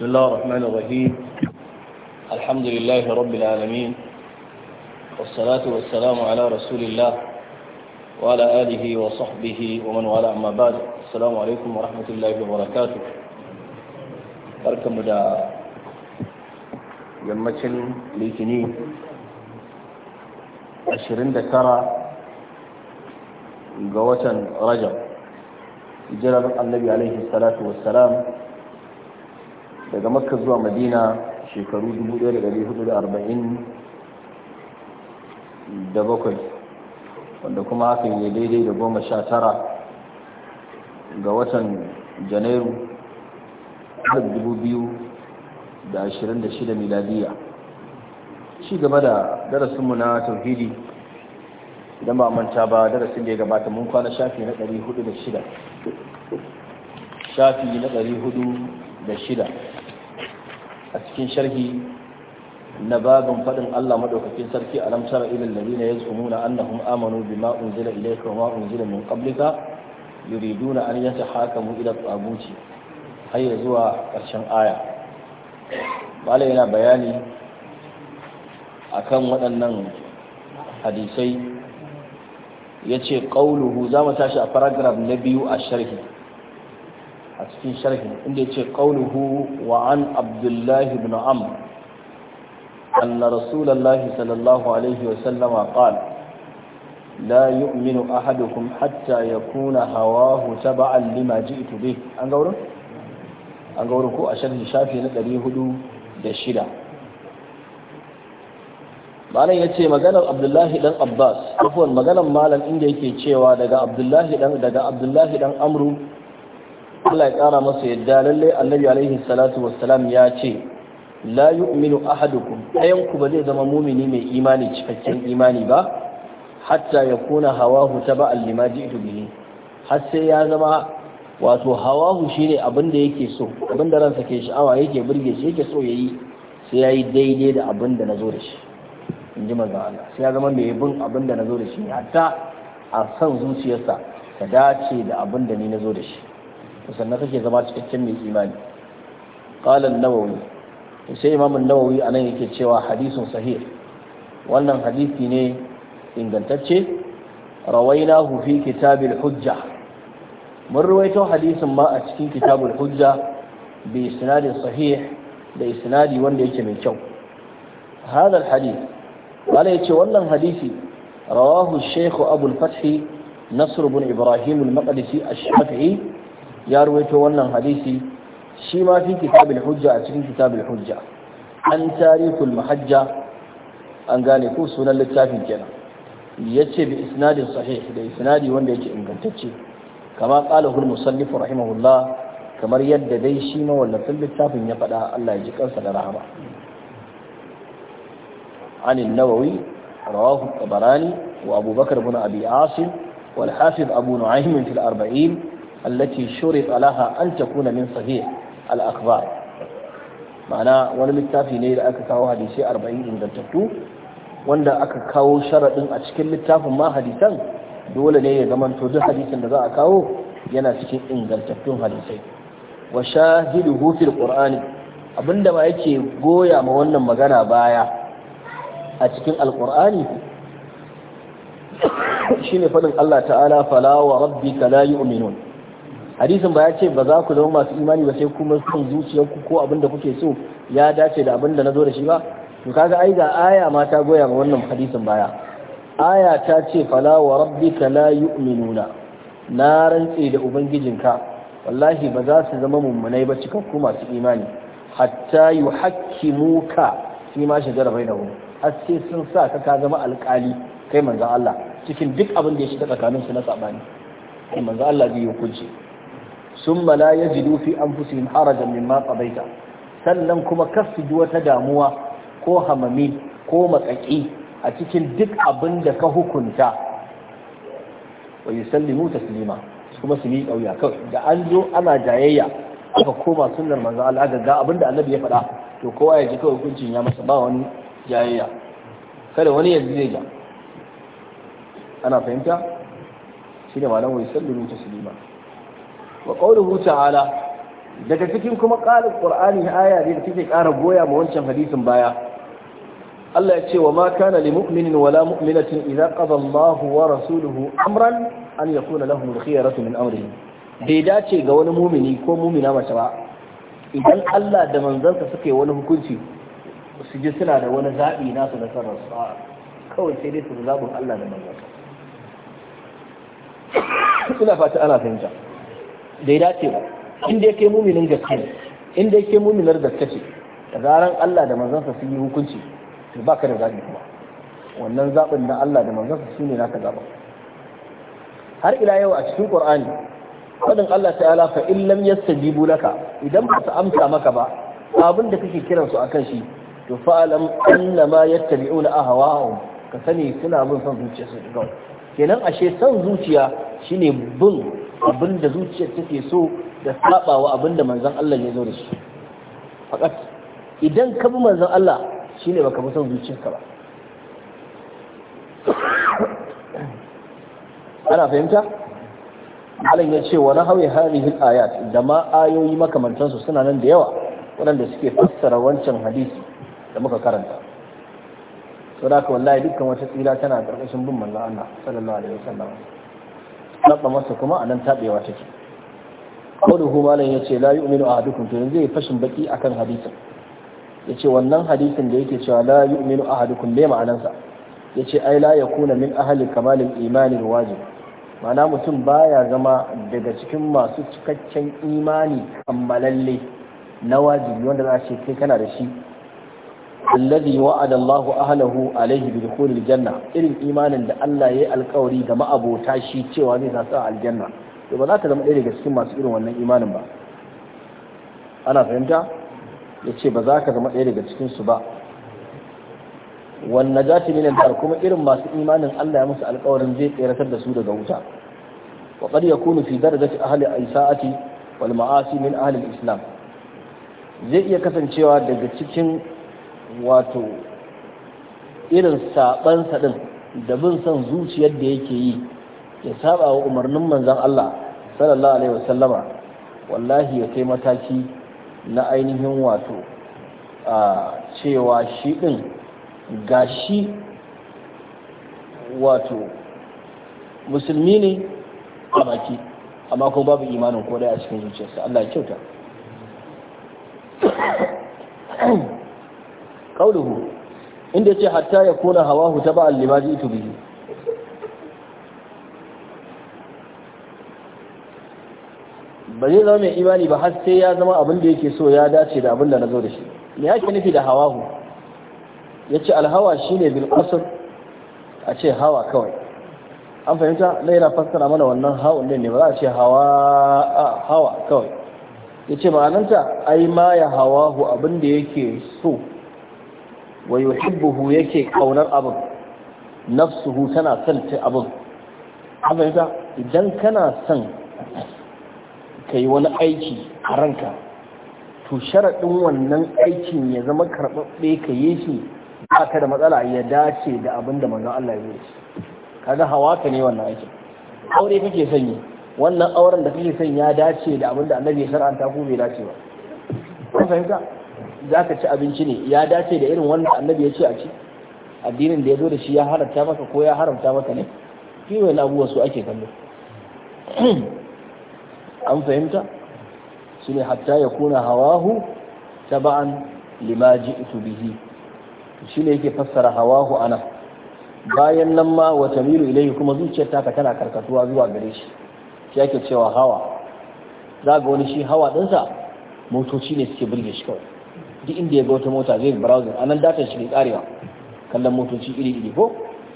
بسم الله الرحمن الرحيم الحمد لله رب العالمين والصلاة والسلام على رسول الله وعلى آله وصحبه ومن والاه أما بعد السلام عليكم ورحمة الله وبركاته بركم دا يمتن ليتني عشرين دكرة قوة رجب جلال النبي عليه الصلاة والسلام daga makka zuwa madina shekaru 1447 wanda kuma hakan ya daidai da goma sha tara ga watan janairu 2026 miladiya shi gaba da darasinmu na tauhidi idan ba manta ba darasin da ya gabata mun kwana shafi na 406 shafi na 406 a cikin sharhi na babin faɗin Allah madaukakin sarki a lamsar ilin ladina yazumuna annahum amanu bima unzila ilayka wa ma unzila min qablika yuriduna an yatahakamu ila har ya zuwa ƙarshen aya Bala yana bayani akan waɗannan hadisai ya ce ƙauluhu za mu tashi a paragraf na biyu a sharhi a cikin sharhin inda yace qauluhu wa an abdullahi bin amr anna rasulallahi sallallahu alaihi wa sallama qala لا يؤمن أحدكم حتى يكون هواه تبعا لما جئت به an gauru an gauru ko a sharhi shafi na 406 malam yace maganar Abdullahi dan Abbas afwan maganar malam inda yake cewa daga Abdullahi dan daga Abdullahi dan Amru Allah ya kara masa yadda lalle annabi alaihi salatu wassalam ya ce la yu'minu ahadukum ayan ku ba zai zama mumini mai imani cikakken imani ba hatta yakuna hawahu taba'an lima ji'tu bihi har sai ya zama wato hawahu shine abin da yake so abin da ransa ke sha'awa yake burge shi yake so yayi sai yayi daidai da abin da nazo da shi in ji manzon Allah sai ya zama mai bin abin da nazo da shi hatta a san zuciyarsa ta dace da abin da ni nazo da shi sannan kake zama cikakken mai imani qala an-nawawi sai imam an-nawawi anan yake cewa hadisun sahih wannan hadisi ne ingantacce rawainahu fi kitabil hujja mun ruwaito hadisin ma a cikin kitabul hujja bi isnadin sahih da isnadi wanda yake mai kyau هذا الحديث قال يتي والله حديثي رواه الشيخ أبو الفتح نصر بن إبراهيم المقدسي الشافعي ya ruwaito wannan hadisi shi ma fi kitabul hujja a cikin kitabul hujja an tarikul mahajja an gane ko sunan littafin kenan yace bi isnadin sahih da isnadi wanda yake ingantacce kama qala hul musannif rahimahullah kamar yadda dai shi ma wallafin littafin ya fada Allah ya ji kansa da rahama عن النووي رواه الطبراني وأبو بكر بن أبي عاصم والحافظ أبو نعيم في الأربعين allati shurif alaha an takuna min sahih al-akhbar ma'ana wani littafi ne da aka kawo hadisai arba'in ingantattu wanda aka kawo sharaɗin a cikin littafin ma dole ne ya zamanto duk hadisin da za a kawo yana cikin ingantattun hadisai wa shahiduhu fil qur'ani abinda ma yake goya ma wannan magana baya a cikin alqur'ani shine fadin Allah ta'ala fala wa rabbika la yu'minun hadisin ba ya ce ba za ku zama masu imani ba sai kuma son zuciyarku ko abin da kuke so ya dace da abin da na zo da shi ba to kaga ai ga aya ma ta goya ma wannan hadisin baya aya ta ce fala wa rabbika la yu'minuna na rantse da ubangijinka wallahi ba za su zama mummunai ba cikakku masu imani hatta yuhakkimuka fi ma shajara bainahum har sai sun sa ka ka zama alƙali kai manzo Allah cikin duk abin da ya shiga tsakaninsu na sabani manzo Allah bai hukunci summa la an fi anfusihim harajan min qadaita sannan kuma kasu ji wata damuwa ko hamami ko makaki a cikin duk abin da ka hukunta wa ta silima kuma su yi kauya kawai da an zo ana jayayya aka koma sunan manzo Allah ga abin da Annabi ya faɗa to kowa ya ji kawai hukuncin ya masa ba wani jayayya kada wani ya zai ja ana fahimta shine malamu ta silima. wa qawluhu ta'ala daga cikin kuma Kur'ani qur'ani aya ne da take ƙara goya ma wancan hadisin baya Allah ya ce wa ma kana li mu'minin wala mu'minatin idza qada Allahu wa rasuluhu amran an yakuna lahum al-khiyaratu min amrihim bai dace ga wani mumini ko mumina mace ba idan Allah da manzansa suka yi wani hukunci su ji suna da wani zaɓi nasu na sarar kawai sai dai su zabi Allah da manzansa suna fata ana fahimta da ya dace ba inda yake muminin gaske ne inda yake muminar gaske ce da zaran Allah da manzansa sun yi hukunci to baka da zabi kuma wannan zabin da Allah da manzansa ne naka zaba har ila yau a cikin Qur'ani fadin Allah ta'ala fa in lam yastajibu laka idan ba su amsa maka ba abin da kake kiran su akan shi to fa'alam annama yattabi'una ahwa'ahum ka sani suna bin son zuciya su ga kenan ashe son zuciya shine bin Abin da zuciyar take so da sabawa da manzan Allah ya zo da shi fakat idan ka bi manzan Allah shi ne baka musan son zuciyarka ba ana fahimta Alin ya ce wa nahwi hadhihi al-ayat da ma ayoyi makamantansu suna nan da yawa waɗanda suke fassara wancan hadisi da muka karanta da aka wallahi dukkan wata tsira tana ƙarƙashin bin manzon Allah sallallahu alaihi wasallam saba masa kuma a nan taɓewa take kawai malam ya ce la a hadukun to yanzu ya fashin baki a kan hadisin ya ce wannan hadisin da yake cewa la a hadukun ne ma'anansa ya ce ai la ya kuna min ahali kamalin imanin wajib ma'ana mutum baya zama daga cikin masu cikakken imani kammalalle na wajibi wanda za a ce kai kana da shi alladhi wa'ada Allahu ahlahu alaihi bi dukhulil janna irin imanin da Allah yayi alkawari ga ma'abota shi cewa zai sa su aljanna to ba za ta zama ɗaya daga cikin masu irin wannan imanin ba ana fahimta yace ba za ka zama ɗaya daga cikin ba wan najati minan nar kuma irin masu imanin Allah ya musu alkawarin zai tseratar da su daga wuta wa qad fi darajati ahli aisa'ati min ahli islam zai iya kasancewa daga cikin wato irin saban din da bin son zuciyar da yake yi ya saba wa umarnin manzon Allah sallallahu alaihi wasallama wallahi ya kai mataki na ainihin wato a cewa shi din gashi wato musulmi ne a baki amma kuma babu imanin ko a cikin zuciyarsa Allah ya kyauta qawluhu inda yace hatta yakuna hawahu taba'an lima ji'tu biyu. ba zai zama mai imani ba har sai ya zama abin da yake so ya dace da abin da na zo da shi me ke nufi da hawahu ce alhawa shine bin qasr a ce hawa kawai an fahimta na yana fassara mana wannan hawan ne ba za a ce hawa hawa kawai yace ma'ananta ai ma ya hawahu abin da yake so wa yuhibbuhu yake kaunar abin nafsuhu tana son ta abin abinda idan kana son ka yi wani aiki a ranka to sharaɗin wannan aikin ya zama karɓaɓɓe ka yi shi ba ka da matsala ya dace da abin da manzon Allah ya yi kaga hawa ka ne wannan aikin aure kake sanyi. wannan auren da kake son ya dace da abin da annabi ya shar'anta ko bai dace ba kun fahimta za ka ci abinci ne ya dace da irin wannan annabi ya ce a ci addinin da ya zo da shi ya haramta maka ko ya haramta maka ne kiwon abubuwa su ake kallo an fahimta su ne hatta ya kuna hawahu taba'an lima ji'tu bihi shi ne yake fassara hawahu ana bayan nan ma wa tamilu ilayhi kuma zuciyar taka tana karkatuwa zuwa gare shi shi ake cewa hawa za ga wani shi hawa ɗinsa motoci ne suke burge shi kawai duk inda ya ga wata mota zai browser anan data shi ke karewa kallon motoci iri iri ko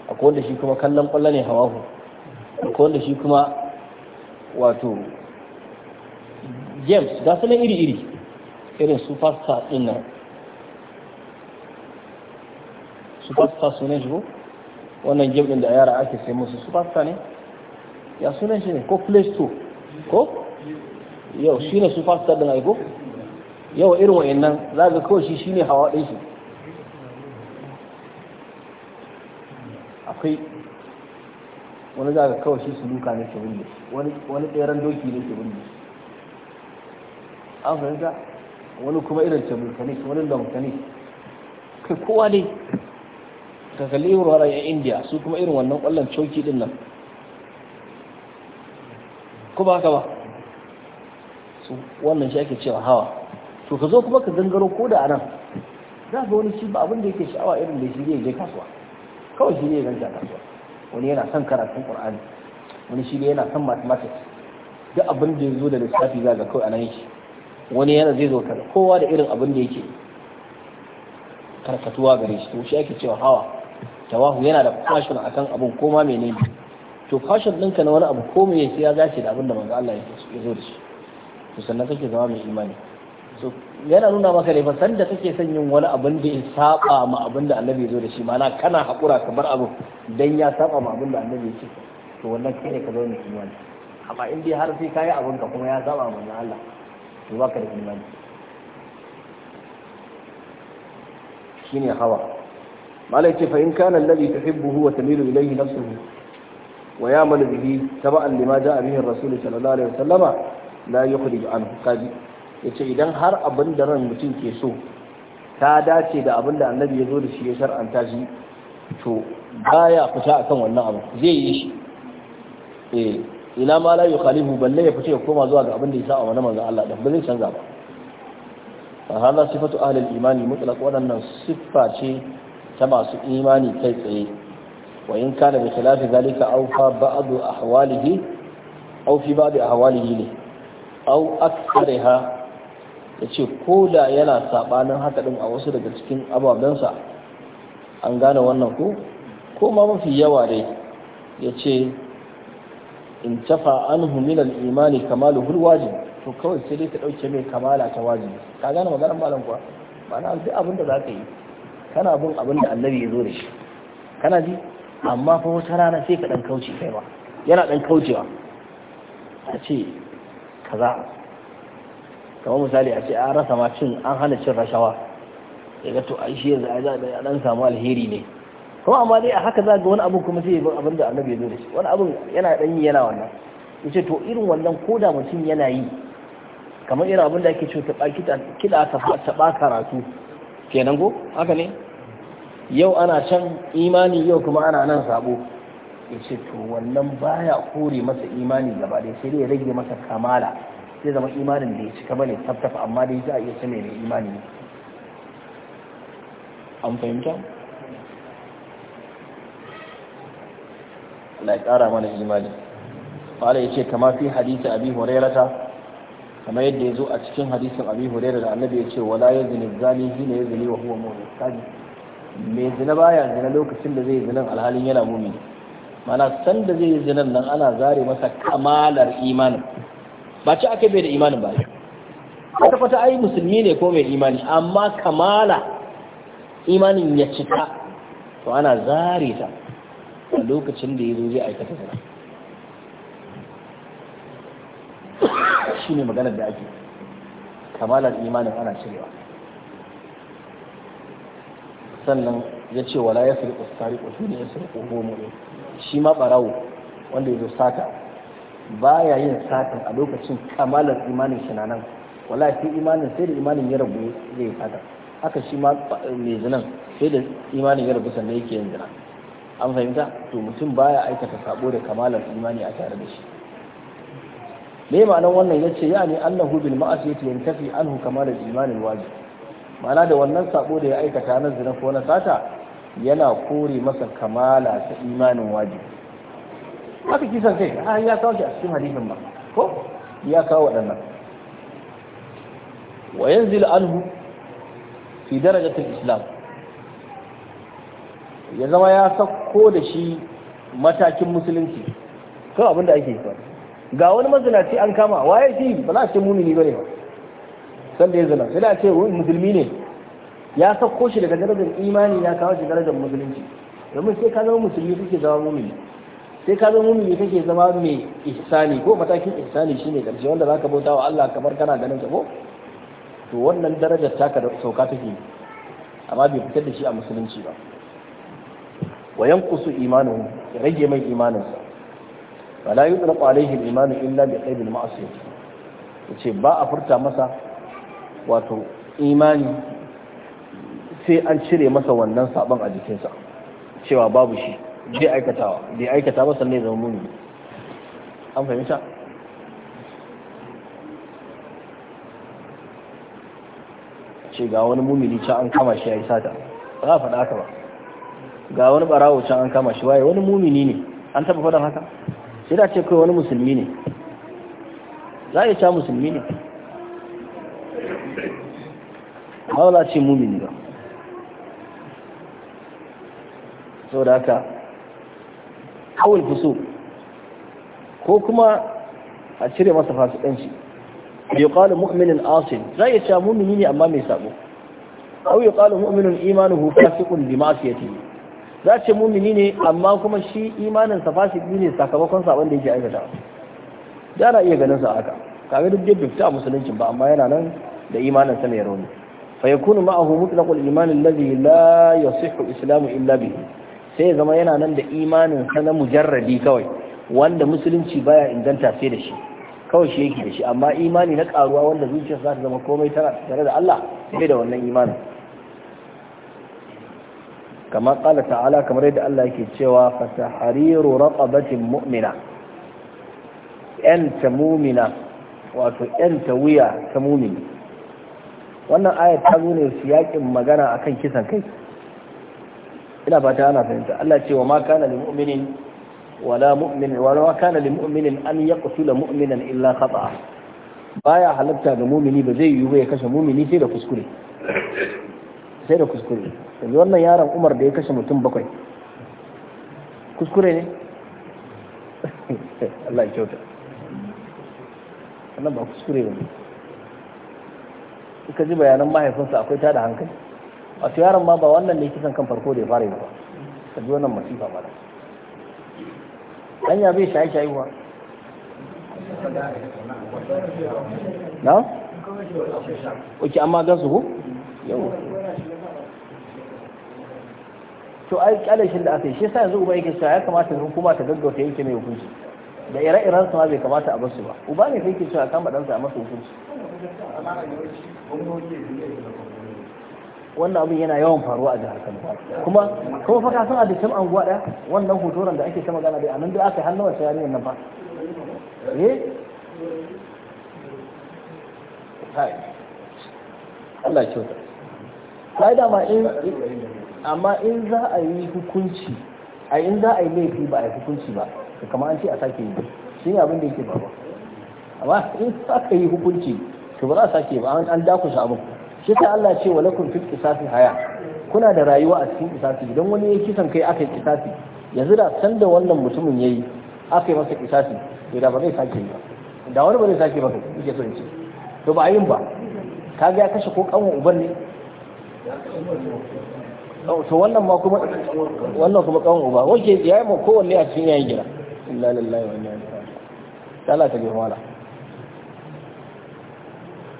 akwai wanda shi kuma kallon kwallo ne ko akwai wanda shi kuma wato games ga su iri iri irin superstar din nan superstar sunan shi ko wannan game din da yara ake sai musu superstar ne ya sunan shi ne ko play store ko yau shi ne superstar din aiko Yau irin wa'annan za ga kawai shi shine hawa ɗin shi akwai wani za ga kawai shi su duka ne ke wulle wani ɗeran doki ne ke wulle an fahimta wani kuma irin tabulkanis wani lamkanis kai kowa ne ka kalli yin ruwa yan indiya su kuma irin wannan kwallon coki din nan ko ba haka ba su wannan shi ake cewa hawa to ka zo kuma ka zangaro ko da anan za ga wani shi ba abin da yake sha'awa irin da shi zai je kasuwa kawai shi ne ja kasuwa wani yana son karatun qur'ani wani shi ne yana son mathematics duk abin da ya zo da lissafi za ga kawai anan shi wani yana zai zo kaza kowa da irin abin da yake karkatuwa gare shi to shi ake cewa hawa tawahu yana da fashion akan abin koma menene to fashion ɗinka na wani abu ko me ya ya dace da abin da manzo Allah ya zo da shi to sannan kake zama mai imani to yana nuna maka ne ba san da kake son yin wani abin da ya saba ma abin da annabi zo da shi mana kana haƙura ka bar abin dan ya saba ma abin da annabi ya ce to wannan kai ne ka zo zauna imani amma in dai har sai kayi abin ka kuma ya saba ma Allah to baka da imani shine hawa malai ce fa in kana alladhi tuhibbuhu wa tamilu ilayhi nafsuhu wa ya'malu bihi taba'an lima ja'a bihi ar-rasul sallallahu alaihi wasallama la yukhrij anhu kaji ya ce idan har abin da ran mutum ke so ta dace da abin da annabi ya zo da shi ya shar'anta shi to baya fita kan wannan abu zai yi shi eh ma la yukhalifu balle ya fita ya koma zuwa ga abin da ya sa a wannan manzon Allah dan ba zai canza ba fa hada sifatu ahli imani mutlaq wadannan siffa ce ta masu imani kai tsaye wa in kana bi khilafi zalika aw fa ba'd ahwalihi aw fi ba'd ahwalihi aw aktharaha ya ce ko da yana saɓanin haka ɗin a wasu daga cikin ababensa an gane wannan ko ko ma mafi yawa dai ya ce in tafa an minal imani kamalu hul to kawai sai dai ka ɗauke mai kamala ta wajin ka gane maganar malam kuwa ma'ana duk abin da za ka yi kana bin abin da annabi ya zo da shi kana ji amma fa wata rana sai ka ɗan kauce kai ba yana ɗan kaucewa a ce kaza kamar misali a ce an rasa ma cin an hana cin rashawa ga to a shi yanzu a za a dan samu alheri ne kuma amma dai a haka za ga wani abu kuma sai bin abin da annabi ya zo da shi wani abu yana dan yi yana wannan yace to irin wannan koda mutum yana yi kamar irin abin da ake ce ta kiɗa ta ba karatu kenan ko haka ne yau ana can imani yau kuma ana nan sabo yace to wannan baya kore masa imani gaba ɗaya sai dai ya rage masa kamala sai zama imanin da ya cika bane tabtafa amma dai za a iya sami da imani ne an fahimta na ya ƙara mana imani fara ya ce kama fi hadisi abi horerata kama yadda ya zo a cikin hadisin abi horerata da annabi ya ce wala ya zini zani shi ne ya zini wa huwa mu'min kaji mai zina baya zina lokacin da zai zinan alhalin yana mumini mana san da zai zinan nan ana zare masa kamalar imanin ba ci aka bai da imanin ba ta fata ai musulmi ne ko mai imani amma kamala imanin ya cika to ana zare ta a lokacin da ya zo zai aikata zara shi ne maganar da ake kamalar imanin ana cirewa sannan ya ce wala ya sarƙo sarƙo shi ne ya sarƙo homo ne shi ma ɓarawo wanda ya zo sata baya yin satin a lokacin kamalar imanin shi nan wallahi sai imanin sai da imanin ya rabu zai fada haka shi ma mai zinan sai da imanin ya rabu sannan yake yin zina an fahimta to mutum baya aikata sabo da kamalar imani a tare da shi me ma'anar wannan yace ya ne annahu bil ma'asiyati yantafi anhu kamalar imanin wajib ma'ana da wannan sabo da ya aikata na zina ko na sata yana kore masa kamala ta imanin wajibi haka kisan kai har ya kawo shi a cikin hadisin ba ko ya kawo waɗannan wa yanzil anhu fi darajatul islam ya zama ya sako da shi matakin musulunci kawai abin da ake yi ga wani mazinaci an kama waye shi ba za a ce mumini bane ba san da ya zina sai da ce musulmi ne ya sako shi daga darajar imani ya kawo shi darajar musulunci domin sai ka zama musulmi kuke zama mumini sai ka zama mumini kake zama mai ihsani ko matakin ihsani shine karshe wanda zaka bauta wa Allah kamar kana ganin ka ko to wannan daraja ta ka sauka take amma bai fitar da shi a musulunci ba wa yanqusu imanuhu ya rage mai imaninsa la yutlaqu alayhi al-iman illa bi qaybil ma'siyah yace ba a furta masa wato imani sai an cire masa wannan sabon a jikinsa cewa babu shi bai aikatawa bai aikata ba sannan zama muni an fahimta ce ga wani mumini can an kama shi ya yi sata ba za a faɗa haka ba ga wani barawo can an kama shi waye wani mumini ne an taɓa faɗin haka sai da ce kai wani musulmi ne za a yi ca musulmi ne ba za a ce mumini ba sau da haka awul fusu ko kuma a cire masa fasikanci bai kwalin mu'minin asin za ya sha mumini ne amma mai sabo au ya kwalin mu'minin imanuhu fasikun bi ma'asiyati za ce mumini ne amma kuma shi imanin sa fasiki ne sakamakon sabon da yake aikata da na iya ganin sa haka kaga duk da fita musuluncin ba amma yana nan da imanin sa ne rauni fa yakunu ma'ahu mutlaqul iman alladhi la yasihhu islamu illa bihi sai zama yana nan da imanin sana na mujarradi kawai wanda musulunci baya inganta sai da shi kawai shi yake da shi amma imani na karuwa wanda zuciya za ta zama komai tana tare da Allah sai da wannan imanin kama kala ta'ala kamar yadda Allah yake cewa fasahariru raqabatin mu'mina ta mumina wato ta wuya ta mumini wannan ayat ta zo ne su yakin magana akan kisan kai ina fata ana fahimta Allah ce wa ma kana lil mu'minin wala mu'min wa ma kana lil mu'minin an yaqtula mu'minan illa khata'a baya halatta ga mumini ba zai yiwu ya kashe mumini sai da kuskure sai da kuskure yanzu wannan yaron Umar da ya kashe mutum bakwai kuskure ne Allah ya kyauta wannan ba kuskure ne ka ji bayanan mahaifinsa akwai tada hankali a yaron ma ba wannan ne kisan kan farko da ya fara yi ba ka ji wannan masifa ba hanya bai shaye shaye ba na? Oke amma gan su ku? Yau. To ai kalashin da aka yi shi sa yanzu uba yake cewa ya kamata kuma ta gaggauta yake mai hukunci. Da ire-iren su ma bai kamata a basu ba. Uba ne sai yake cewa kama ɗansa a masa hukunci. wannan abin yana yawan faruwa a jihar Kano kuma kuma fa kasan a dukkan anguwa da wannan hotoran da ake ta magana dai anan duk aka hannuwa sai yarinyar nan fa eh hai Allah ya kyauta sai da ma in amma in za a yi hukunci a in za a yi laifi ba a yi hukunci ba kamar an ce a sake yi shi ne abin da yake faruwa amma in aka yi hukunci to ba za a sake ba an dakusa abin shi ta Allah ce wa lakum fil qisasi haya kuna da rayuwa a cikin qisasi idan wani ya kisan kai aka yi qisasi yanzu da san da wannan mutumin yayi aka yi masa qisasi to da ba zai sake ba da wani ba zai sake ba yake so in ce to ba yin ba ga ya kashe ko kanwa uban ne to wannan ma kuma wannan kuma kanwa uba wace yayi ma kowanne a cikin yayin gida inna lillahi wa inna ilaihi raji'un Allah ta bi wala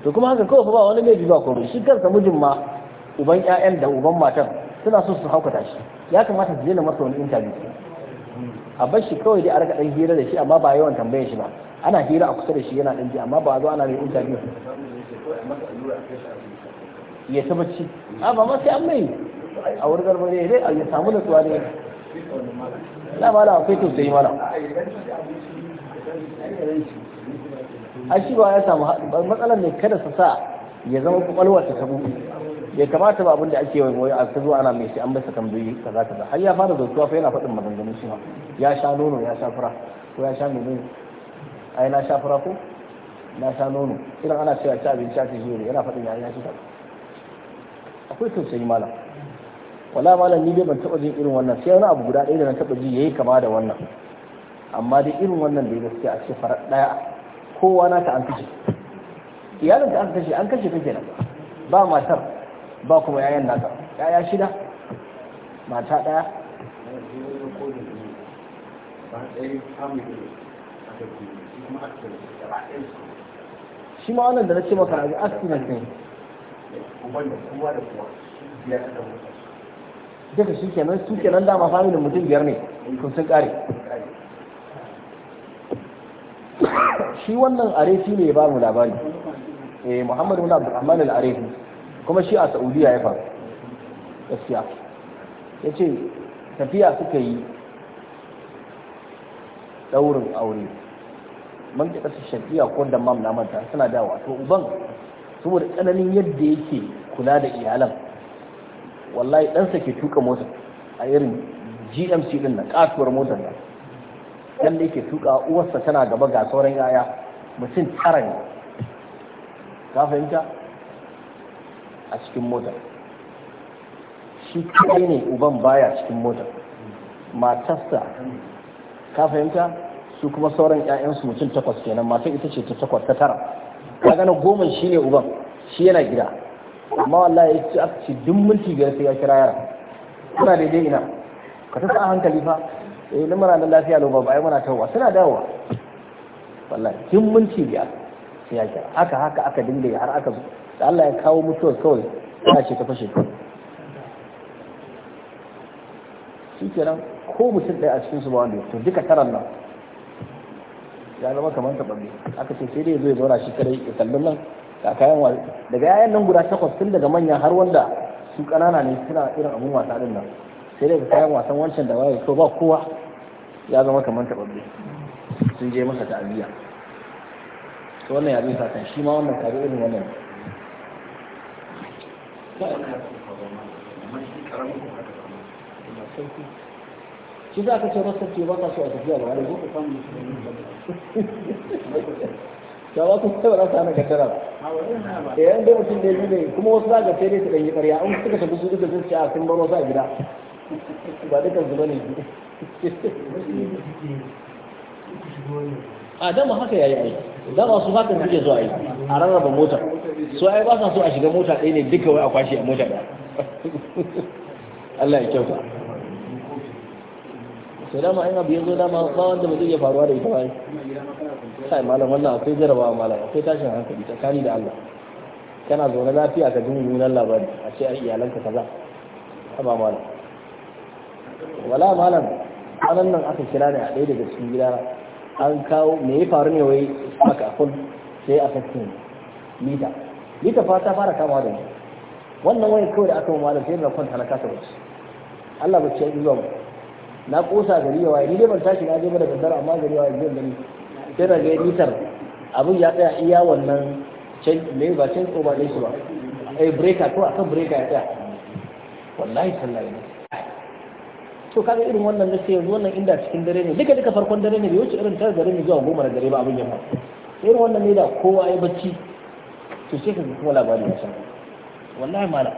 to kuma haka kawai ba wani mai ba komai shi kansa mijin ma uban ƴaƴan da uban matan suna so su haukata shi ya kamata su je na masa wani interview a bar shi kawai dai a rika dan hira da shi amma ba yawan tambayar shi ba ana hira a kusa da shi yana dan ji amma ba zo ana mai interview ya tabbaci a ba ma sai an mai a wurin garba ne dai ya samu da tsuwa ne na mala akwai tausayi mala a shi ba ya samu matsalar ne kada su sa ya zama kwakwalwar ta sabu ya kamata ba abin da ake wai a zuwa ana mai shi an bai sakan biyu kaza kaza har ya fara zartuwa fa yana faɗin maganganun shi ma ya sha nono ya sha fura ko ya sha nono ai na sha fura ko na sha nono irin ana cewa ci abinci ta jiyo yana faɗin ya ya shi akwai tausayi malam wala malam ni dai ban taɓa jin irin wannan sai wani abu guda ɗaya da na taɓa ji yayi kama da wannan amma dai irin wannan da gaskiya a ce farar ɗaya kowa ta an kashe iyalin ta an kashe an kashe kake nan ba matar ba kuma yayan naka yaya shida mata daya shi ma wannan da na ce maka rabi accident ne duka shi kenan su kenan dama familin mutum biyar ne kun sun kare shi wannan arefi ne ya ba mu labari eh Muhammadu ibn abdurrahman al-arefi kuma shi a saudiya ya faru gaskiya ce tafiya suka yi daurin aure man ka kasa shafiya ko da mam na manta suna da wato uban saboda tsananin yadda yake kula da iyalan wallahi ɗansa ke tuka mota a irin gmc din na katuwar motar nan yadda yake tuka uwarsa tana gaba ga sauran yaya mutum tara ne ka fahimta a cikin mota shi kai ne uban baya cikin mota matarsa ka fahimta su kuma sauran ƴaƴansu mutum takwas kenan matar ita ce ta takwas ta tara Ta gana goma shi ne uban shi yana gida amma wallahi ya ci aka ce duk minti biyar sai ya kira yara kuna daidai ina ka tafi a hankali fa eh na muna nan lafiya lau ba ai muna tawowa suna dawowa wallahi kin mun ci biyar sai ya kira haka haka aka dinga har aka zo da Allah ya kawo mutuwar kawai ta ce ta fashe shi kenan ko mutum ɗaya a cikin su ba wanda to duka taran nan ya zama kamar taɓaɓɓe aka ce sai dai zo ya zauna shi kadai ya kallon nan da kayan wasa daga yayan nan guda takwas tun daga manya har wanda su ƙanana ne suna irin abun wasa din nan sai dai ka kayan wasan wancan da waye to ba kowa ya zama kamar tababbe sun je masa ta'aziyya to wannan ya bin sakan shi ma wannan kaga irin wannan shi za ka ce masa ce ba ka so a tafiya ba wani gobe samun da ba ku tsaba rasa na gatara ba eh an da mutum da yi ne kuma wasu za ka sai dai su ɗanyi ƙarya an suka tafi su duka sun a sun baro wasu a gida ba dukan zuba ne a dama haka yayi ai dama su haka suke zuwa ai a rarraba mota so ai ba sa so a shiga mota ɗaya ne duka wai a kwashe a mota ɗaya Allah ya kyauta sai dama in abu yanzu dama ba wanda mutum zai iya faruwa da ita ba sai malam wannan akwai jarabawa malam akwai tashin hankali tsakani da Allah kana zaune lafiya ka ji mummunan labari a ce iyalanka kaza ba malam wala malam anan nan aka kira ne a ɗaya daga cikin gida an kawo me ya faru ne wai aka kun sai a fakin lita lita fa ta fara kama da wannan wani kawai da aka yi malam sai na kwanta na kasa bacci Allah ba ce zuwa na kosa gari yawa ni dai ban tashi na je ba da daddare amma gari yawa yanzu gani sai na ga litar abin ya tsaya iya wannan can me ba can ko ba dai shi ba eh breaker ko akan breaker ya tsaya wallahi wasallam to kaga irin wannan na sai yanzu wannan inda cikin dare ne duka duka farkon dare ne bai wuce irin tara dare ne zuwa goma da dare ba abin ya irin wannan ne da kowa ya bacci to sai ka ga kuma labari ya san wallahi mala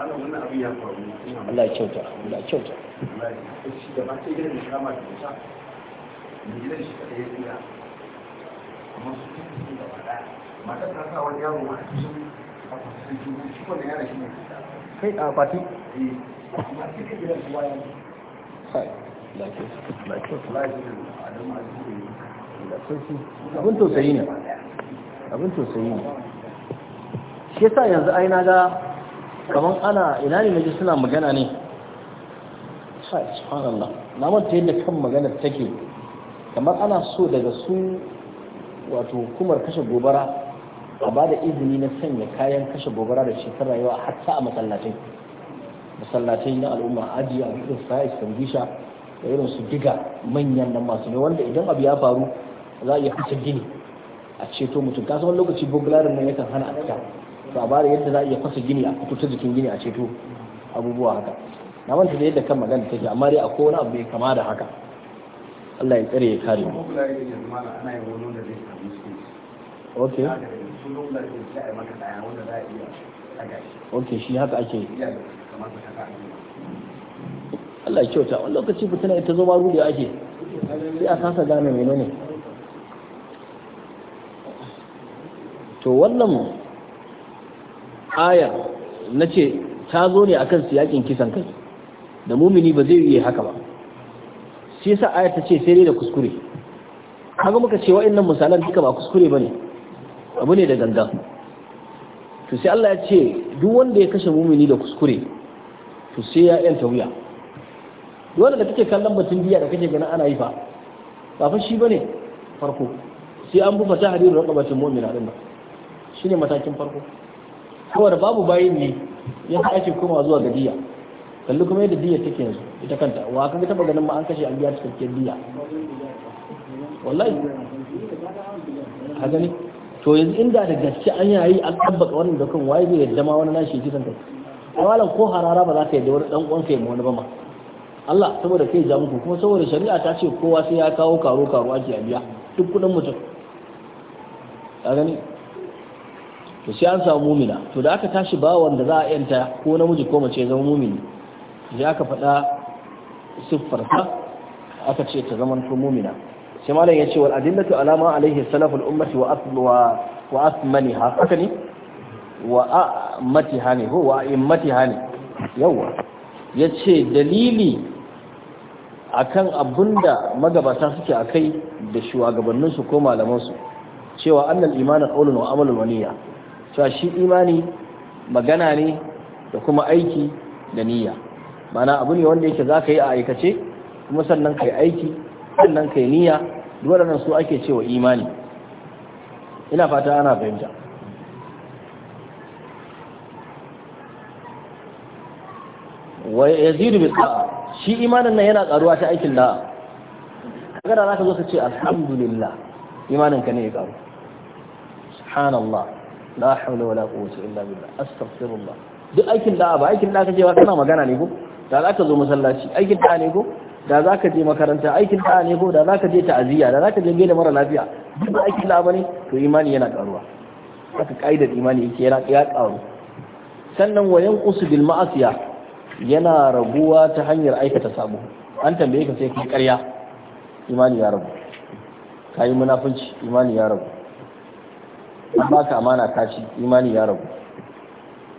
Allah ya kyauta Allah ya kyauta kai a fati eh, abin tausayi ne abin tausayi ne shi yasa yanzu ai ga kamar ana ina ne naji suna magana ne na manta yadda kan magana take kamar ana so daga su wato hukumar kashe gobara a ba da izini na sanya kayan kashe gobara da shekarar rayuwa hatta a masallatai masallatai na al'umma aji a irin kan gisha da irin su diga manyan nan masu ne wanda idan abu ya faru za a iya fita gini a ceto mutum ka san lokaci bugularin nan yakan hana a fita yadda za a iya fasa gini a fito ta jikin gini a ceto abubuwa haka na manta da yadda kan magana take amma dai akwai wani abu mai kama da haka Allah ya tsare ya kare mu okay okay shi haka ake Allah kyauta wani lokaci fitina ita zo maru da ake sai a kasa gane menene to wannan ayar na ce ta zo ne akan siyakin kisan kai da mumini ba zai yi haka ba shi yasa ayar ta ce sai dai da kuskure kaga muka ce wa'annan misalan duka ba kuskure bane abu ne da gangan to sai Allah ya ce duk wanda ya kashe mumini da kuskure to sai ya yanta wuya wanda da kake kallon batun biya da kake ganin ana yi fa ba fa shi bane farko sai an bufa ta hadiru raqabatin mu'mina din ba shine matakin farko saboda babu bayin ne ya ake koma zuwa ga biya kalli kuma yadda biya take yanzu ita kanta wa kaga taba ganin ma an kashe an biya cikakken biya wallahi ka gani to yanzu inda da gaske an yayi an tabbaka wannan dokan waye bai yadda ma wani nashi kisan kai malam ko harara ba za ka yi wani dan uwan ka wani ba ma Allah saboda kai ja muku kuma saboda shari'a ta ce kowa sai ya kawo karo karo ake biya duk kudin mutum ka gani to sai an samu mumina to da aka tashi ba wanda za a yanta ko namiji ko mace zama mumini sai aka faɗa ka aka ce ta zama to mumina sai malam ya ce wal adillatu alama alaihi salaful ummati wa asmaniha haka ne wa a'immatiha ne ho wa a'immatiha ne yawa yace dalili akan abunda magabata suke a kai da shugabanninsu ko malamansu cewa annal imanin qawlun wa amalun wa niyya cewa shi imani magana ne da kuma aiki da niyya mana abu ne wanda yake za ka yi a aikace kuma sannan kai aiki sannan kai niyya duk waɗannan su ake cewa imani ina fata ana fahimta wa yazidu bi sa'a shi imanin nan yana karuwa ta aikin da kaga da zaka zo ka ce alhamdulillah imanin ka ne ya karu subhanallah la hawla wala quwwata illa billah astaghfirullah duk aikin da ba aikin da kace wa kana magana ne ko da zaka zo masallaci aikin da ne ko da zaka je makaranta aikin da ne ko da zaka je ta'aziyya da zaka je gaida mara lafiya duk da aikin da ne to imani yana karuwa haka kaidar imani yake yana ya karu sannan wayan yanqusu ma'asiya yana raguwa ta hanyar aikata sabo an tambaye ka sai kai ƙarya imani ya ragu ka yi munafunci imani ya ragu an baka amana ka ci imani ya ragu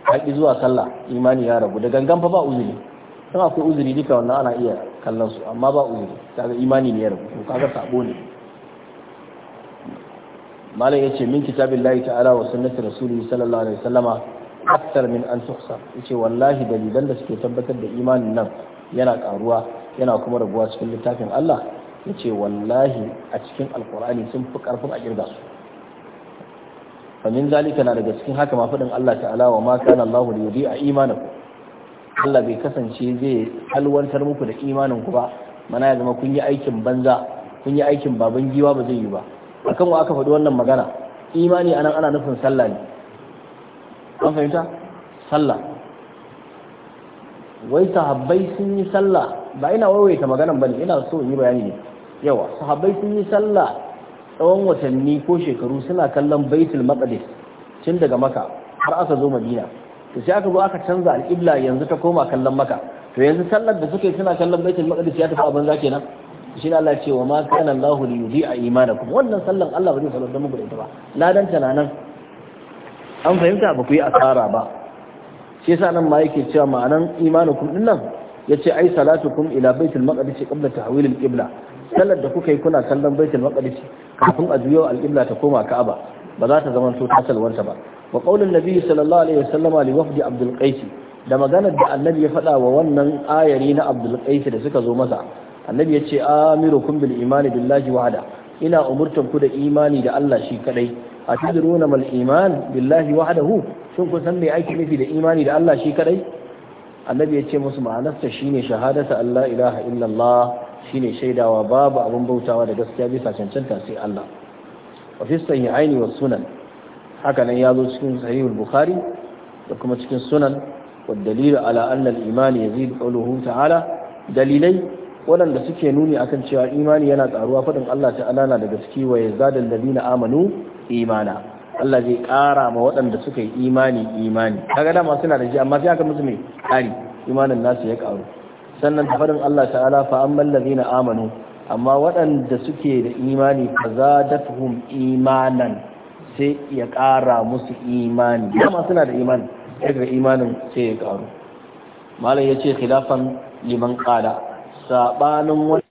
haƙi zuwa sallah imani ya ragu da gangan fa ba uzuri sun akwai uzuri duka wannan ana iya kallon su amma ba uzuri kaga imani ne ya ragu to kaga sabo ne malam yace min kitabillahi ta'ala wa sunnati rasulullahi sallallahu alaihi wasallama aftar min an tuksa yace wallahi dalilan da suke tabbatar da imanin nan yana karuwa yana kuma raguwa cikin littafin Allah yace wallahi a cikin alqur'ani sun fi karfin a kirga su fa zalika na daga cikin haka ma Allah ta'ala wa ma kana Allah a imanin ku Allah bai kasance zai halwantar muku da imanin ku ba mana ya zama kun yi aikin banza kun yi aikin baban giwa ba zai yi ba akan wa aka faɗi wannan magana imani anan ana nufin sallah ne an fahimta sallah wai sahabbai sun yi sallah ba ina waiwaita maganan bane ina so in yi bayani ne yawa sahabbai sun yi sallah tsawon watanni ko shekaru suna kallon baitul maqdis tun daga maka har aka zo madina to sai aka zo aka canza al'ibla yanzu ta koma kallon maka to yanzu sallar da suke suna kallon baitul maqdis ya tafi abin zake nan shi ne Allah ya ce wa ma kana Allahu li yudi'a imanakum wannan sallan Allah bai zai sallar da muku da ita ba ladan ta nan an fahimta ba ku yi asara ba shi yasa nan ma yake cewa ma'anan imanukum din nan yace ai salatukum ila baitul maqdis qabla tahwil al-qibla sallar da kuka yi kuna kallon baitul maqdis kafin a juyo al-qibla ta koma ka'aba ba za ta zama to ta salwanta ba wa qaulun nabi sallallahu alaihi wasallama li wafdi abdul qais da maganar da annabi ya faɗa wa wannan ayari na abdul qais da suka zo masa annabi yace amirukum bil imani billahi wahda ina umurtan ku da imani da Allah shi kadai a tudruna mal iman billahi wahdahu shin kun san me ake nufi da imani da Allah shi kadai annabi ya ce musu ma'anarsa shine shahadata Allah ilaha illallah shine shaidawa babu abin bautawa da gaskiya bisa cancanta sai Allah wa fi sahihaini wa sunan haka nan ya zo cikin sahihul bukhari da kuma cikin sunan wa dalilu ala anna al-iman yazid qawluhu ta'ala dalilai waɗanda suke nuni akan cewa imani yana ƙaruwa faɗin Allah ta'ala na daga gaske wa da ladina amanu imana Allah zai ƙara ma waɗanda suka yi imani imani kaga masu na da ji amma sai aka musu mai ƙari imanin nasu ya ƙaru sannan ta faɗin Allah ta'ala fa amman ladina amanu amma waɗanda suke da imani fa zadatuhum imanan sai ya ƙara musu imani masu na da imani daga imanin sai ya ƙaru malam ya ce khilafan liman qala sabanin wani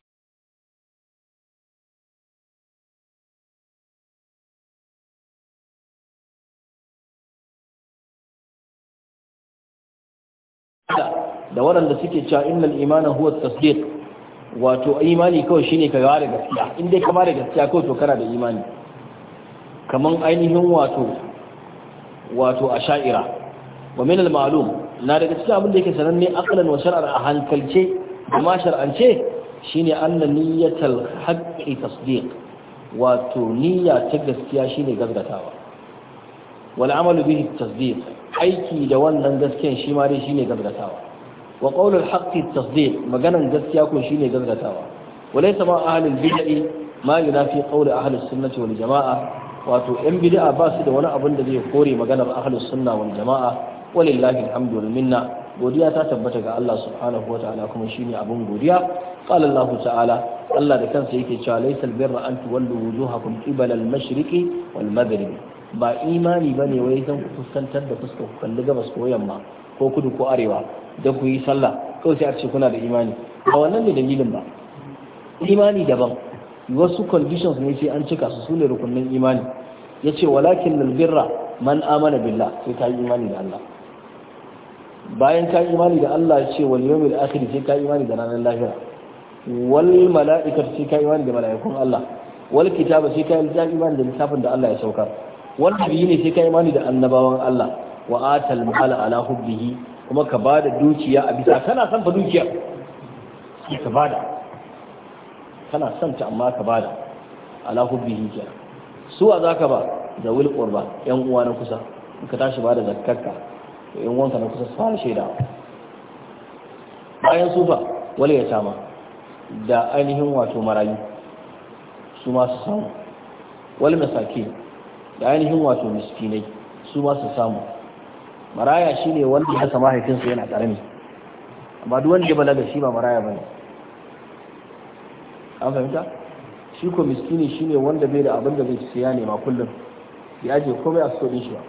da waɗanda suke cewa innal imana huwa tasdiq wato imani kawai shine ka gare da gaskiya in dai ka mare gaskiya kawai to kana da imani kaman ainihin wato wato asha'ira wa min al-ma'lum na daga cikin abin da yake sananne aqlan wa shar'an a hankalce kuma shar'ance ne anna niyyatar haƙƙi tasdiq wato niyya ta gaskiya ne gaskatawa Wani amalu bihi tasdiq aiki da wannan gaskiyan shi ma dai ne gaskatawa wa qawlul haqqi tasdiq maganan gaskiya ko ne gaskatawa walaysa ma ahlul bid'i ma yunafi qawli ahlus sunnati wani jamaa wato yan bida'a ba su da wani abin da zai kore maganar ahalin sunna wani jamaa walillahi alhamdu minna godiya ta tabbata ga Allah subhanahu wa ta'ala kuma shine abin godiya qala Allah ta'ala Allah da kansa yake cewa laysal albirra an tuwallu wujuhakum qibala al-mashriqi wal maghribi ba imani bane wai zan ku fuskantar da fuska ku kalli gabas ko yamma ko kudu ko arewa da ku yi sallah kawai sai a ce kuna da imani ba wannan ne dalilin ba imani daban wasu conditions ne sai an cika su sune rukunin imani yace walakin albirra birra man amana billah sai ta yi imani da Allah bayan ka imani da Allah ya ce wal yawmil akhir sai ka imani da ranar lahira wal mala'ikatu sai ka imani da mala'ikun Allah wal kitaba sai ka imani da littafin da Allah ya saukar wal nabiyyi ne sai ka imani da annabawan Allah wa atal mahala ala hubbihi kuma ka bada dukiya a bisa kana san fa dukiya ka bada kana son ta amma ka bada ala hubbihi kenan suwa zaka ba da wil qurba yan uwa na kusa ka tashi bada zakkarka in wanka na kusa su fara shaidawa bayan sufa wale ya sama da ainihin wato marayu su ma su samu wal masaki da ainihin wato miskinai su ma su samu maraya shi ne wanda ya sama haifinsu yana karami amma duk wanda ya da shi ba maraya ba ne. an fahimta shi ko miskini ne wanda bai da abin da zai siya ne ma kullum ya je komai a cikin shi ba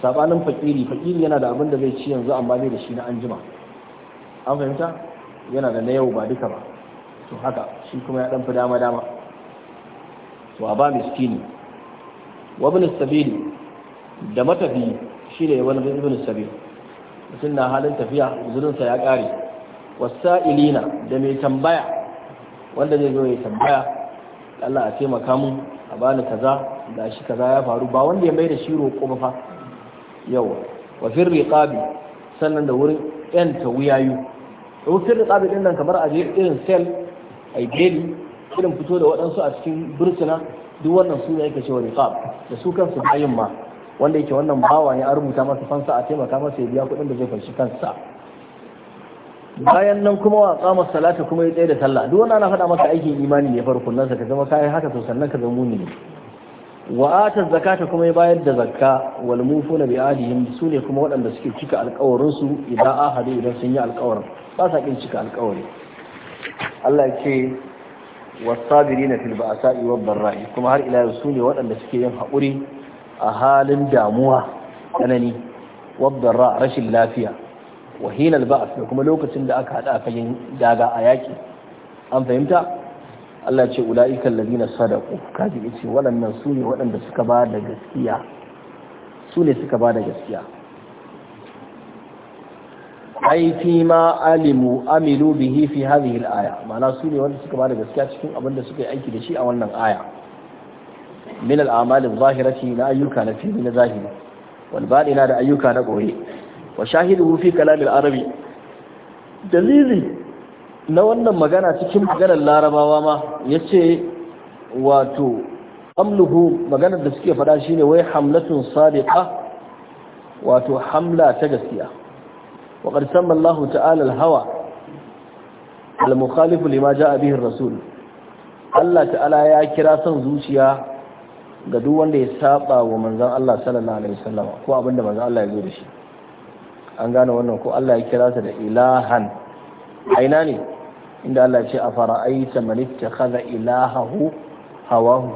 sabanin fakiri fakiri yana da abin da zai ci yanzu amma bai da shi na anjima an fahimta yana da na yau ba duka ba to haka shi kuma ya dan fi dama dama to a ba miskini wa ibn sabili da matafi shi ne wani ibn sabili mutum na halin tafiya sa ya kare wasa'ilina da mai tambaya wanda zai zo ya tambaya Allah a taimaka mun a bani kaza da shi kaza ya faru ba wanda ya mai da shi roƙo ba fa yawa wa fi riƙabi sannan da wurin wuya wuyayu to fir ɗin din nan kamar aje irin sel a irin fito da waɗansu a cikin bursuna duk wannan su ne yake cewa riƙab da su kansu bayan ma wanda yake wannan bawa ne a rubuta masa fansa a taimaka masa ya biya kuɗin da zai fanshi kansa bayan nan kuma wa kama salata kuma ya tsaye da sallah duk wannan ana faɗa masa aikin imani ne farkon nan ka zama kayan haka to sannan ka zama ne. wa ata zakata kuma ya bayar da zakka wal na bi su sune kuma waɗanda suke cika alƙawarin su idan ahadu idan sun yi alƙawarin ba sa kin cika alƙawari Allah ya ce wasabirina a sa'i wad ra'i kuma har ila su sune waɗanda suke yin haƙuri a halin damuwa tsanani wabban ra'a rashin lafiya wahilal ba'a da kuma lokacin da aka a kan daga a yaki an fahimta Allah ce ula'ikan ladina sadaku kaji ya ce waɗannan su ne waɗanda suka ba da gaskiya su ne suka ba da gaskiya ai ma alimu amilu bihi fi hadhihi al-aya su ne wanda suka ba da gaskiya cikin abin da suka yi aiki da shi a wannan aya min al-a'mal na ayyuka na fili na zahiri wal batina da ayyuka na koyi wa shahidu fi kalam al-arabi dalili na wannan magana cikin maganar larabawa ma ya ce wato amluhu maganar da suke faɗa ne wai hamlatun sadiqa wato hamla ta gaskiya wa qad samma ta'ala al-hawa al mukhalifu lima ja'a bihi rasul Allah ta'ala ya kira son zuciya ga duk wanda ya saba wa manzon Allah sallallahu alaihi wasallam ko abinda manzon Allah ya zo da shi an gane wannan ko Allah ya kira sa da ilahan aina ne inda Allah ce a fara'aita malitta kada ilahahu hawahu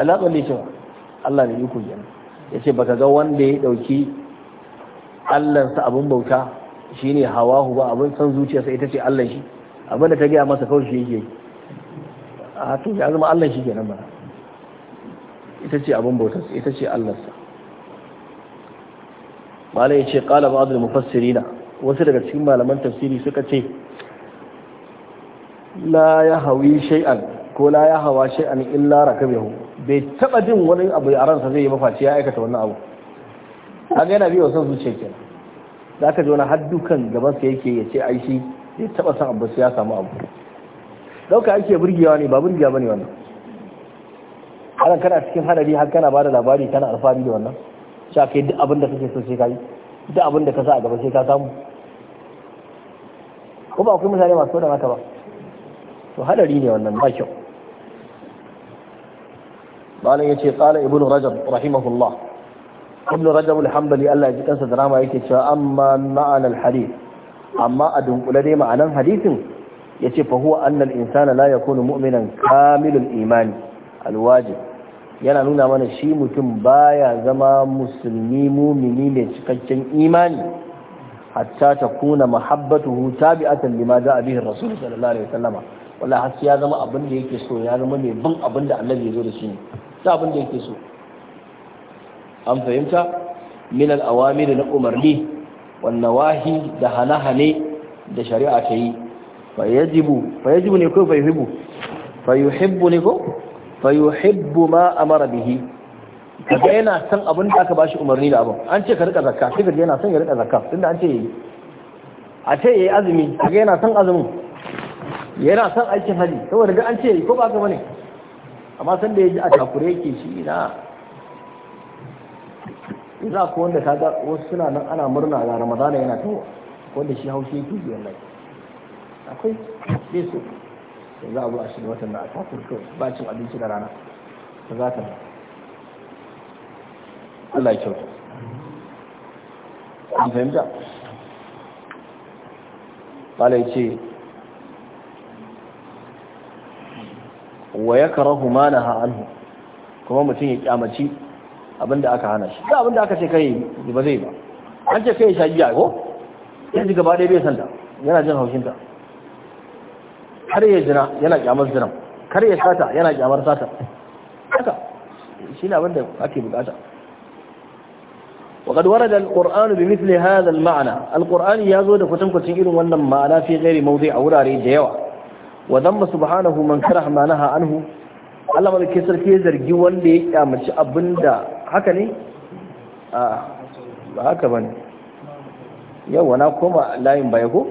alaƙa ne cewa Allah ne iko yana ya ce ba ka ga wanda ya ɗauki allansa abin bauta shi ne hawahu ba abin san zuciyarsa ita ce allan shi abinda ta gaya masa kawai shi yake a hatu ya zama allan shi kenan ba ita ce abin bautarsa ita ce allansa malai ya ce ƙala ba'adul mufassirina wasu daga cikin malaman tafsiri suka ce لا يهوي hawi ko la ya hawa an illa rakabahu bai taba jin wani abu a ransa zai yi mafaci ya aikata wannan abu ga yana biyo son zuciya kenan zaka ji wani haddukan gaban sa yake ya ce ai shi zai taba san abu ya samu abu dauka ake burgewa ne ba burgewa bane wannan har kana cikin hadari har kana bada labari kana alfahari da wannan sha kai duk abin da kake so sai kai duk abin da ka sa a gaba sai ka samu ko ba akwai mutane masu da mata ba to hadari ne wannan ba kyau malam yace qala ibnu rajab rahimahullah ibn rajab al Allah ya ji kansa drama yake cewa amma ma'ana al-hadith amma a dunkule dai ma'anan hadisin yace fa huwa anna al-insana la yakunu mu'minan kamilul imani alwaji yana nuna mana shi mutum baya zama musulmi mumini mai cikakken imani hatta ta kuna mahabbatuhu tabi'atan lima da'a bihi rasul sallallahu alaihi wasallama wala haske ya zama abin da yake so ya zama mai bin abin da annabi ya zo da shi ne ta abin da yake so an fahimta min al da na umarni wannan wahi da hane da shari'a ta yi fa yajibu ne ko fa yuhibbu ne ko yuhibbu ma amara bihi kaga yana son abin da aka bashi umarni da abin an ce ka rika zakka sai kaga yana son ya rika zakka tunda an ce yayi a ce yayi azumi kaga yana son azumin yana son aikin hali saboda ga an ce ko ba ga bane amma san da ya ji a takure yake shi na za ko wanda ta ga wasu suna nan ana murna ga ramadana yana tawo wanda shi haushi yake ji wallahi akwai ne so za a zo a shiga watan da a takure kawai ba cin abinci da rana ta za ta Allah ya kyauta an fahimta Bala ya ce wa yakrahu ma naha anhu kuma mutum ya kyamaci abinda aka hana shi da abinda aka ce kai ba zai ba an ce kai shagiya ko yanzu gaba ɗaya bai santa yana jin haushinta kar ya jina yana kyamar jina kar ya sata yana kyamar sata haka shi ne abinda ake bukata وقد ورد القرآن بمثل هذا المعنى القرآن يزود فتنكتين إلو ونم معنى في غير موضع وراري ديوة wa dhamma subhanahu man karaha ma naha anhu Allah madauke sarki zargi wanda ya kyamaci abinda haka ne a ba haka bane yawa na koma layin baya ko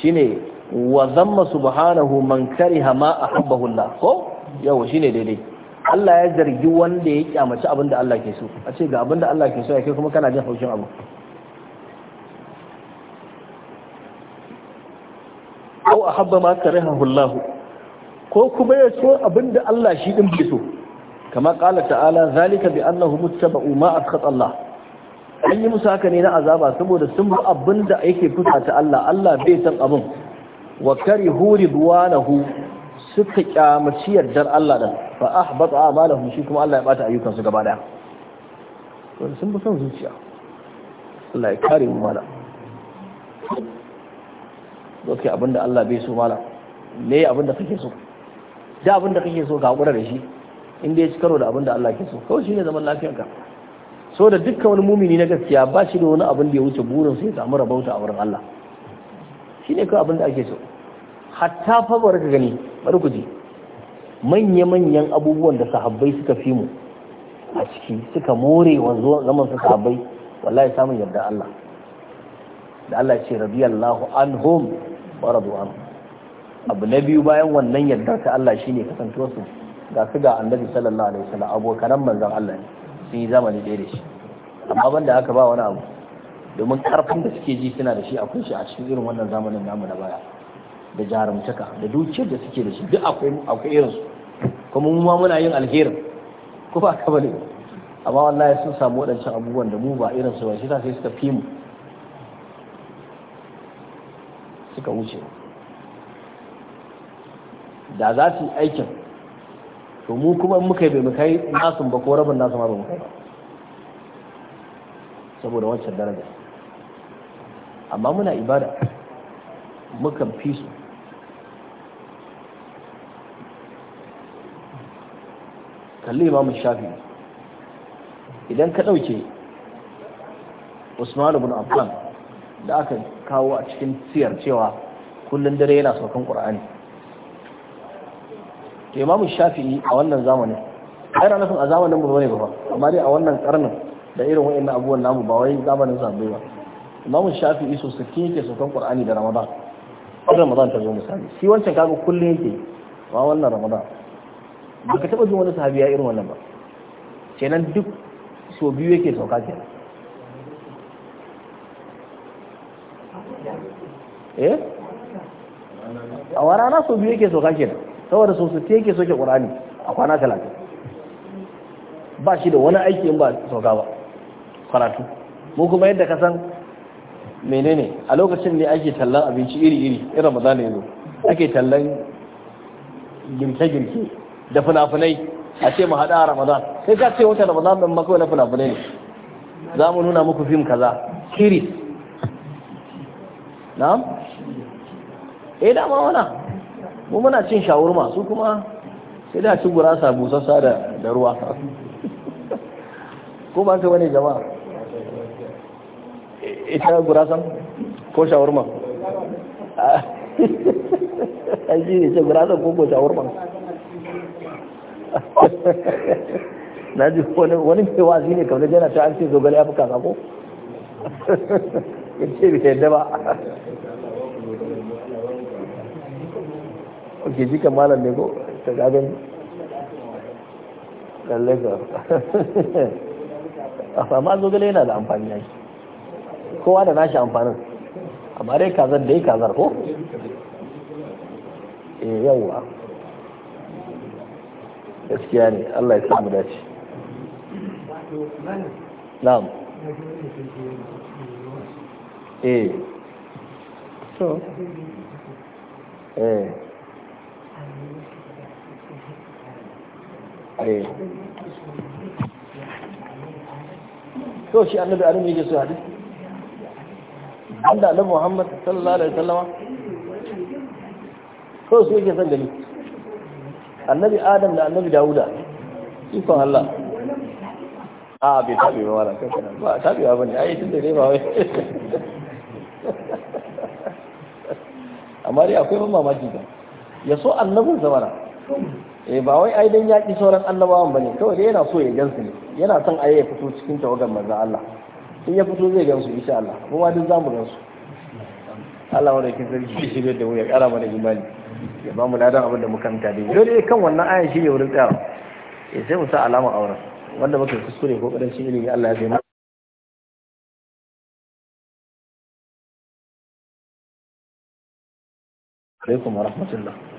shine wa dhamma subhanahu man kariha ma ahabbahu Allah ko yawa shine daidai Allah ya zargi wanda ya kyamaci abinda Allah ke so a ce ga abinda Allah ke so ya kai kuma kana jin haushin abu a ahabba ma karahahu Allah ko kuma ya so abinda Allah shi din bai so kama ƙala ta'ala zalika bi annahum muttaba'u ma asqata Allah an yi musa haka ne na azaba saboda sun bi abinda yake fusa ta Allah Allah bai san abin wa karihu ridwanahu suka kyamaci yardar Allah din fa ahbata a'malahum shi kuma Allah ya bata ayyukan su gaba daya sun bi son zuciya Allah ya kare mu mala zo abinda Allah bai so malam me abinda kake so da abinda kake so ka hakura da shi Inda ya ci karo da abinda Allah ke so kawai shine zaman lafiyarka so da dukkan wani mumini na gaskiya ba shi da wani abin da ya wuce burin sai ya samu rabauta a wurin Allah shine kawai abinda ake so hatta fa bar ka gani bar ku ji manya-manyan abubuwan da sahabbai suka fi mu a ciki suka more wanzo zaman su sahabbai wallahi samun yarda Allah da Allah ya ce radiyallahu anhum wa abu na biyu bayan wannan yadda ta Allah shine kasantuwar su ga su ga annabi sallallahu alaihi wasallam abokan manzon Allah ne sun yi zamani ɗaya da shi amma banda haka ba wani abu domin karfin da suke ji suna da shi akwai shi a cikin irin wannan zamanin namu na baya da jarumtaka da dukiyar da suke da shi duk akwai akwai irin su kuma mu ma muna yin alherin ko ba ka bane amma wallahi sun samu waɗancan abubuwan da mu ba irin su ba shi sai suka fi mu suka wuce da za su yi aikin to mu kuma muka yi bai kai yi nasun ba ko rabin nasu ma ba muka yi ba saboda wancan daraja amma muna ibada mukan fi su kalli imamu shafi idan ka ɗauke usman ibn affan da aka kawo a cikin siyar cewa kullum dare yana saukan qur'ani to imam shafi'i a wannan zamanin ai na nufin a zamanin mu ne ba amma dai a wannan karnin da irin wayannan abubuwan namu ba wai zamanin sahabbai ba imam shafi'i so sake yake saukan qur'ani da ramadan har ramadan ta zo misali shi wancan kaga kullum yake ba wannan ramadan ka taɓa jin wani sahabi ya irin wannan ba kenan duk so biyu yake sauka kenan eh a wa rana so biyu yake so kake saboda so sosai yake ke qur'ani a kwana talatin ba shi da wani aiki in ba sauka ba karatu mu kuma yadda ka san menene a lokacin ne ake tallan abinci iri-iri irin ramadan ne ake tallan girke-girke da fina a ce mu haɗa a ramadan sai ka ce wata ramadan ɗin makawai na fina ne za mu nuna muku fim kaza kiri na'am eh dama wana mu muna cin shawarma su kuma sai da ci gurasa busassa da da ruwa ko ba ka wani jama'a e, ita gurasan ko shawarma a ji ne ce gurasan ko ko shawarma na ji wani wani mai wazi ne kamar jana ta an ce zogale ya fi ko ya ce bai yadda ba oke jikan malam ne ko ta gagan lallai ga a sama zogale yana da amfani ya kowa da nashi amfanin amma dai kazar da ya kazar ko e eh, yawwa gaskiya ne Allah ya samu dace na'am eh to eh eh to shi annabi adam yake so hadisi Allah na Muhammad sallallahu alaihi wasallam ko su yake son dalili annabi Adam da annabi Dawuda ikon Allah a ah, bai tabi ba wala kanka ba tabi ba ne ai tun da dai ba wai amma dai akwai ban mamaki ga ya so annabin zamana eh ba wai ai dan yaki sauran annabawan bane kawai dai yana so ya gansu ne yana son ayi ya fito cikin tawagar manzon Allah in ya fito zai gansu insha Allah kuma duk zamu gansu Allah wanda yake sarki shi ne da ya kara mana imani ya ba mu ladan abin da muka manta dai dole kan wannan ayan shi ne wurin tsaya eh sai mu sa alama auren wanda muka kuskure ko kadan shi ilimi Allah ya zai alaikum wa rahmatullah